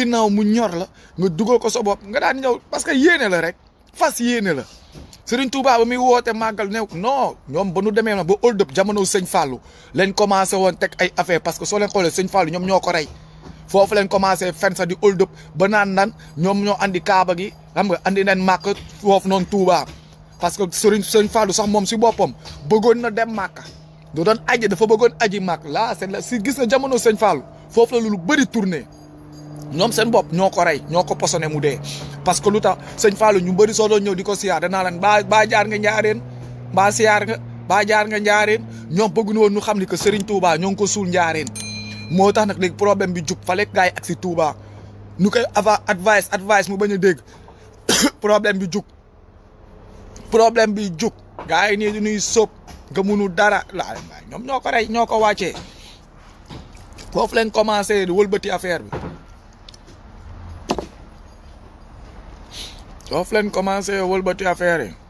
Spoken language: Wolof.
ginnaaw mu ñor la nga duggal ko so bop nga daan ñew parce que yene la rek fas yene la serigne touba ba mi wote magal ne non ñom ba nu demee na ba old up jamono serigne fallu leen commencé won tek ay affaire parce que so leen xolé serigne fallu ñom ñoko ray fofu foofu leen commencé fen sa di old up ba nan nan ñom ño andi kaaba gi xam nga andi nen mak fofu non touba parce que serigne serigne fallu sax mom ci bopom bëggoon na dem mak do doon aji dafa bëggoon aji mak la c'est la si gis na jamono serigne fallu fofu la lu bari tourner ñoom seen bopp ñoo ko rey ñoo ko posone mu dee parce que lu tax sëñ faalo ñu bëri soo doon ñëw di ko siyaar danaa leen baa baa jaar nga njaareen baa siyaar nga baa jaar nga njaareen ñoom bëgguñu woon ñu xam ni que Serigne Touba ñoo ngi ko suul njaareen moo tax nag léegi problème bi jub fale gars ak si Touba ñu koy ava advice advice mu bañ a dégg problème bi jug problème bi jug gars yi nii du ñuy sóob nga munu dara laa ñoom ñoo ko rey ñoo ko wàccee foofu leen commencé wëlbati affaire bi. soo fu leen commencé wëlbati affaire yi